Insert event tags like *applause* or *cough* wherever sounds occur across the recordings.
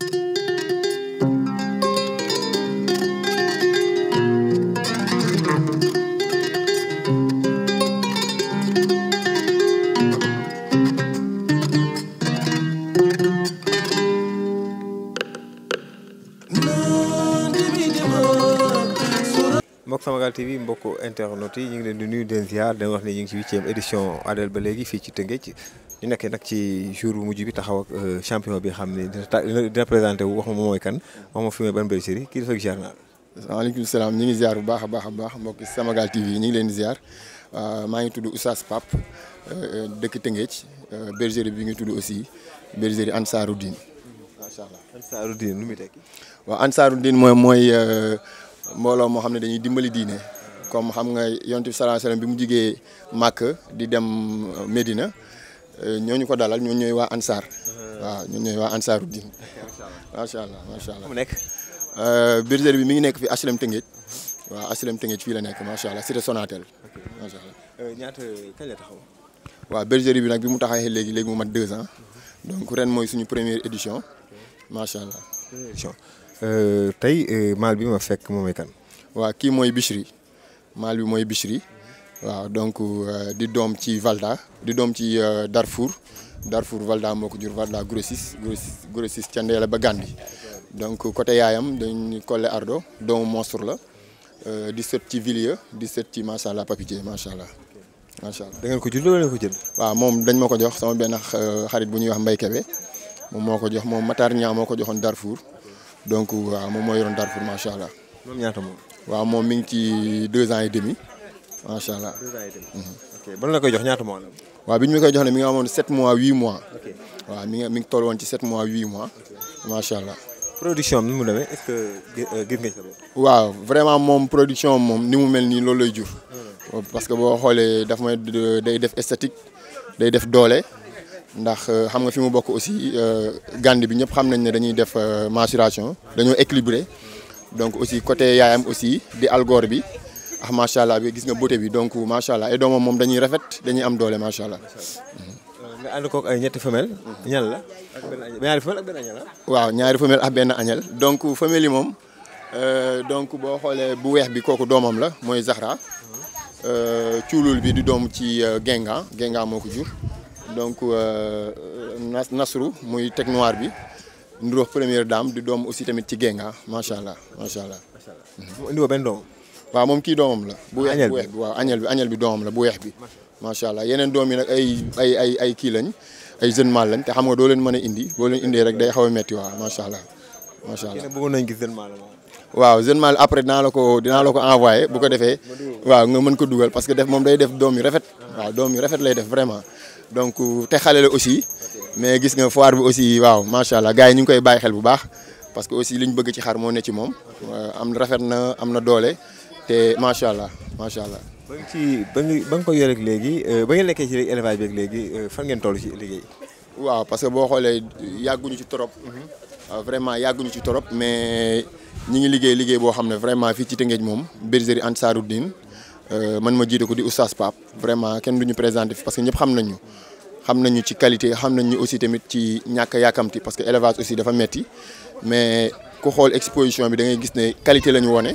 mbokk Samagal TV mboko internautes yi ñu ngi leen di nuyu den ziar dañ wax ne ñu ngi ci huitième édition Adel ba léegi fii ci Tëngéej di nekk nag ci jour bu mujj bi taxaw ak euh, champion bi xam ne dina dina présenté wu wax ma mooy kan wax ma fi may ban bergerie kii dafa ziar naa. waaleykum salaam ñu ngi ziar bu baax a baax a baax mbokki Samagal TV ñu ngi leen di ziar euh, maa ngi tudd Oustaz Pap euh, dëkk Tëngéej bergerie bi ngi tudd aussi bergerie Ansaroudine. macha allah Ansaroudine lu muy tekki. waaw Ansaroudine mooy mooy mbooloo moo xam ne dañuy dimbali diine. comme xam nga yonent bi sallallahu alayhi wasallam bi mu jugee Màkk di dem Medina. ñooñu ko dalal ñoo ñooy waa Ansaar. Uh-huh. waaw ñoo ñooy waa ansaar diin. *laughs* macha allah macha allah macha allah. Uh, bergerie bi mi ngi nekk fi HLM Tëngéej. waaw HLM Tëngéej fii la nekk macha allah cité Sonatel. macha allah uh, ñaata kañ la taxaw. waaw bergerie bi nag bi mu taxawee léegi léegi mu mat deux ans. Uh-huh. donc ren mooy suñu première édition. macha allah. première édition uh, tey maal bi ma fekk moom kan. waaw kii mooy Bichri maal bi mooy Bichri. donc euh, di dom ci Valda di dom ci euh, Darfour Darfour Valda moko jur Valda grossis ba donc côté yayam dañ Collé Ardo dom monstre la euh, di sët ci Villiers di ci Machallah allah Machallah Machallah ko ko wa mom dañ mako jox sama ben xarit bu wax Mbay mom moko jox mom Matar moko joxon Darfour donc wa mom Darfour Machallah mom ñata mom wa mom mi ngi deux ans et demi macha allah mm-hmm. ok ban la koy jox ñaata mois la. waaw koy jox ne mi ngi amoon 7 mois 8 mois. ok waaw mi ngi mi ngi ci 7 mois 8 mois. macha allah. production ni mu demee est-ce que euh, gis nga ci waaw vraiment moom production moom ni mu mel nii loolu hmm. oh, parce que bo xolé daf may day def esthétique day def dolé ndax euh, xam nga fi mu bokk aussi euh, gànd bi ñep xam nañ né dañuy def maturation dañu équilibrer donc aussi côté yayam aussi di algor bi ah macha bi gis nga beauté bi donc machallah et ay mom dañuy rafet dañuy am doole machallah allah. Euh, nga ànd koog ay ñetti femelle. ñal la ak benn añel ñaari femelle ak ben añel ah? waaw ñaari femelle ak ben añel donc femelle yi euh donc bo xolé bu wex bi koku domam la moy Zahra. euh ciulul bi di dom ci euh, Genga Genga moko ko jur. donc euh, Nasru muy teg noir bi. ndurox première dame di dom aussi tamit ci Genga machallah machallah macha allah. macha allah. benn waaw moom kii doomam la. bu weex bu bi waaw añel bi añel bi doomam la bu weex bi. macha allah yeneen doom yi nag ay ay ay ay kii lañ ay jeune mâle lañ te xam nga doo leen mën a indi boo leen indee rek day xaw a métti waaw macha allah. macha allah bëggoon nañ gis jeune mâle après dinaa la ko dinaa la ko envoyé bu ko ah, defee. waaw nga mën ko dugal parce que def moom day def doom yu rafet. Ah. waaw doom rafet lay def vraiment. donc te xale la aussi. mais gis nga foire bi aussi waaw macha allah gars yi ñu ngi koy bàyyi xel bu baax parce que aussi li bëgg ci xar moo ne ci moom euh, am rafet na am na doole te macha allah macha allah. ba nga ci ba nga ba ko yoreeg léegi euh, ba nga lekkee ci élevage beeg léegi euh, fan ngeen toll ci liggéey. waaw parce que boo xoolee yàgguñu ci trop. Mhm. Euh, vraiment yàgguñu ci trop mais ñi ngi liggéey liggéey boo xam ne vraiment fii ci Tëngéej moom bergerie Ansaroudine man ma jiite ko di Oustaz Pape vraiment kenn du ñu fi parce que ñëpp xam nañu xam nañu ci qualité xam nañu aussi tamit ci ñàkk yàkkamti parce que élevage aussi dafa metti mais ku xool exposition bi da ngay gis ne qualité la ñu wone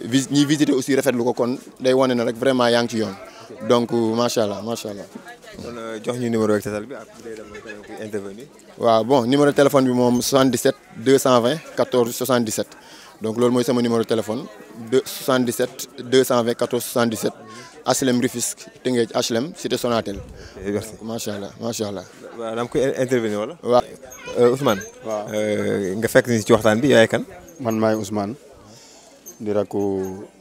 vis ñi visité aussi rafetlu ko kon day wane nak vraiment yang ci yoon donc machallah machallah macha euh, jox ñu numéro téléphone bi ak day dem intervenir. waaw bon numéro téléphone bi mom 77 220 14 77 donc lool moy sama numéro téléphone 77 220 14 77 HLM Rufisque Tëngéej HLM cité Sonatel. merci Machallah, machallah. macha allah. waaw koy intervenir wala. waaw euh, Ousmane. waaw euh, nga fekk ni ci waxtan bi yaay kan. man maay Ousmane. di rakku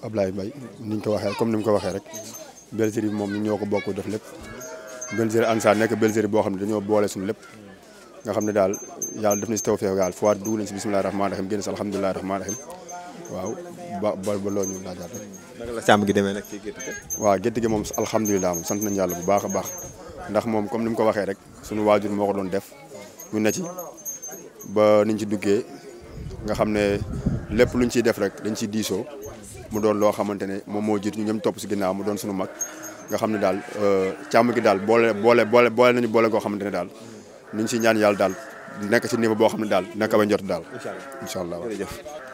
Ablaye Mbaye niñ ko waxee comme ni mu ko waxee rek Bergerie bi moom ñu ñoo ko bokk def lépp Bergerie Ansar nekk Bergerie boo xam ne dañoo boole suñu lépp nga xam ne daal yàlla def na si tawfeex daal foo dugg nañ si bisimilah rahmaani rahiim génn si alhamdulilah rahmaani rahiim waaw ba ba ba ñu laajaat rek. naka la sàmm gi demee nag ci gétt waaw gétt gi moom alhamdulilah moom sant nañ yàlla bu baax a baax ndax moom comme ni mu ko waxee rek sunu waajur moo ko doon def ñu ne ci ba niñ ci duggee. nga xam ne lépp lu luñ ciy def rek dañ ciy diisoo mu doon loo xamante ne moom moo jiit ñu ñoom topp si ginnaaw mu doon suñu mag nga xam ne daal euh, càmm gi daal boole boole boole boole nañu boole goo xamante ne daal ñu ngi ñaan yàlla daal nekk si niveau boo xam ne daal nekk ba njot daal. incha allah incha allah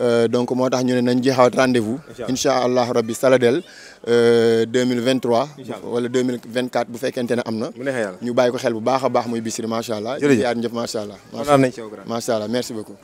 Euh, donc moo tax ñu ne nañ jeexaat rendez-vous. inshallah rabbi saladel euh 2023 wala 2024 bu fekkenté amna ñu bàyyi ko xel bu baaxa baax muy Bichri machallah yaar ñëpp machallah machallah macha allah merci beaucoup.